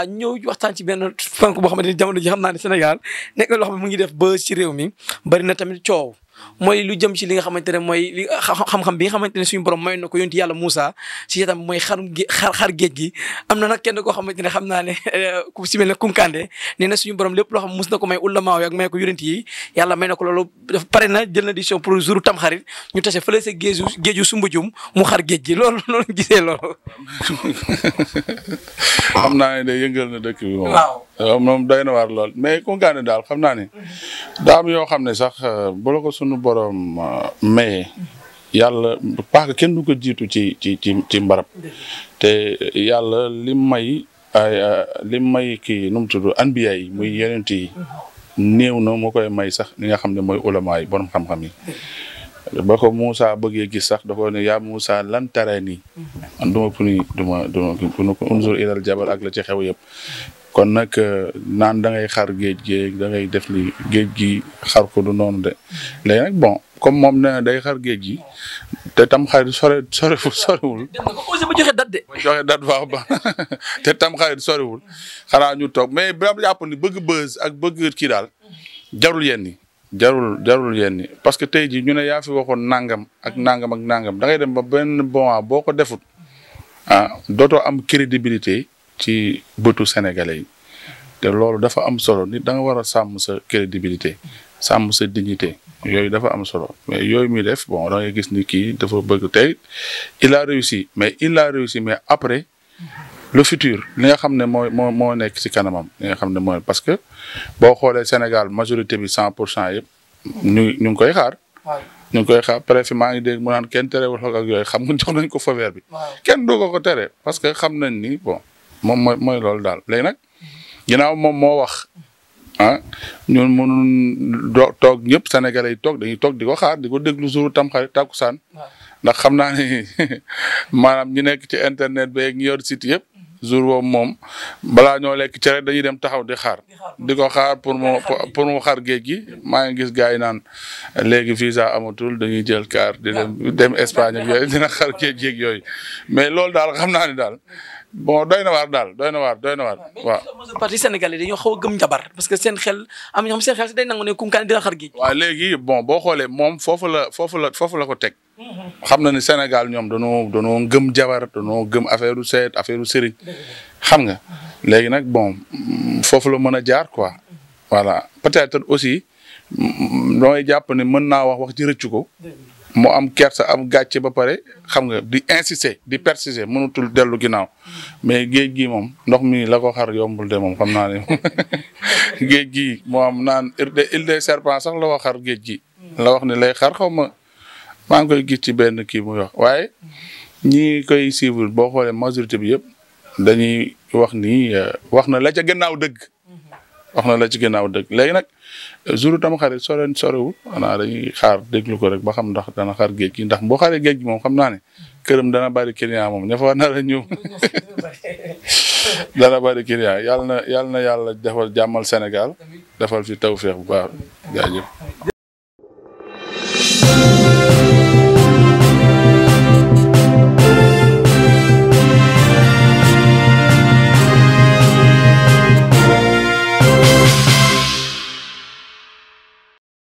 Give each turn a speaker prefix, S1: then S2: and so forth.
S1: ah ñëw waxtaan ci benn fank boo xamante ni jamono ji xam naa ne Sénégal nekk loo xam ne mu ngi def ba ci réew mi bari na tamit coow mooy lu jëm ci li nga xamante ne mooy li ah, xam-xam bi nga xamante ne suñu borom may na ko yonti yàlla Moussa si itam mooy xarum gé xar xar géej gi am na nag kenn koo xamante ne xam naa ne ku si mel ne Kunkande na suñu borom lépp loo xam mus na ko may ulamaaw yi ak may ko yonent yi yàlla may na ko loolu dafa pare na jël na décision pour jour tam xarit ñu tase fële sa géeju géeju Sumbujum mu xar géej gi loolu loolu gisee loolu
S2: xam naa ne day yëngal na dëkk bi waaw Euh, moom doy na waar lool mais Koungheul daal xam naa ne daa yoo xam ne sax euh, bu la ko sunu borom euh, maye yàlla parce kenn du ko jiitu ci ci ci ci te yàlla li may ay li may kii nu mu tudd yi muy yonent yi néew na mo koy may sax li nga xam ne mooy ulama yi borom xam-xam yi. ba ko Moussa bëggee gis sax da ko ne yaa Moussa lan taree nii. man du ma puni du ma du ma unzur ilal jabal ak la ci xew yëpp. kon nag euh, naan da ngay xar géej gi da ngay def li géej gi xar ko du noonu de léegi nag bon comme moom nee na day xar géej gi te tam xarit sore sorewul sorewul. ba joxe date de. ba te tam xarit sorewul xanaa ñu toog mais ba ma jàpp ni bëgg ak bëgg ki daal jarul yenn yi jarul jarul yenn parce que tey jii ñu ne yaa fi nangam ak nangam ak nangam da ngay dem ba benn bon boo ko defut ah dootoo am crédibilité. ci bëtu sénégalais yi te loolu dafa am solo nit da nga war a sàmm sa crédibilité sàmm sa dignité yooyu dafa am solo mais yooyu muy def bon da ngay gis ni kii dafa bëgg tey il réussi mais il a réussi mais après le futur li nga xam ne mooy moo moo nekk ci kanamam li nga xam ne mooy parce que boo xoolee Sénégal majorité bi cent pour cent yëpp ñu ñu ngi koy xaar ñu ngi koy xaar préfet maa ngi dégg mu kenn terewul xoog ak yooyu xam nga jox nañ ko faveur bi tere xam nañ ni moom mooy mooy loolu daal léegi nag ginnaaw moom moo wax ah ñun mënuñ doo toog ñëpp sénégalais yi toog dañuy toog di ko xaar di ko déglu suuru tam xarit saan ndax xam naa ni maanaam ñu nekk ci internet beeg ñi yor site yëpp jour boobu moom balaa ñoo lekk cere dañuy dem taxaw di xaar di ko xaar pour mu pour mu xaar géej gi maa ngi gars yi naan léegi visa amatul dañuy jël car di dem dem Espagne ak yooyu dina xaar géej géej yooyu mais loolu daal xam naa ne daal bon doy na waar daal doy na waar doy na waar waaw. parti sénégalais dañoo xaw a gëm njabar parce que seen xel am na ñoo xam seen xel si day nangu ne Koungheul dina xaar géej. waaw léegi bon boo xoolee moom foofu la foofu la foofu la ko teg. xam na ni Sénégal ñoom danoo danoo gëm jabar danoo gëm affaire u seet affaire u sëriñ xam nga léegi nag bon foofu la mën a jaar quoi voilà peut-être aussi damay jàpp ne mën naa wax wax ci rëccu ko mu am kersa am gàcce ba pare xam nga di insister di persister mënutul dellu ginnaaw mais géej gi moom ndox mi la ko xar yombul de moom xam naa ne gi moo am naan île des sax la xar géej gi la ne lay xar xaw maa ngi koy gis ci benn kii muy wax waaye ñii koy suivre boo xoolee majorité bi yëpp dañuy wax ni eh, wax na la ca gannaaw dëgg. Mm-hmm. wax na la ci gannaaw dëgg léegi nag jour tam xarit soo leen sorewul xanaa dañuy xaar déglu ko rek ba xam ndax dana xaar géej gi ndax boo xaaree géej gi moom xam naa ne këram dana bari client moom ña fa nar a ñëw dana bari client yàlla na yàlla na yàlla defal jàmmal Sénégal defal fi tawfeex bu baax jaajëf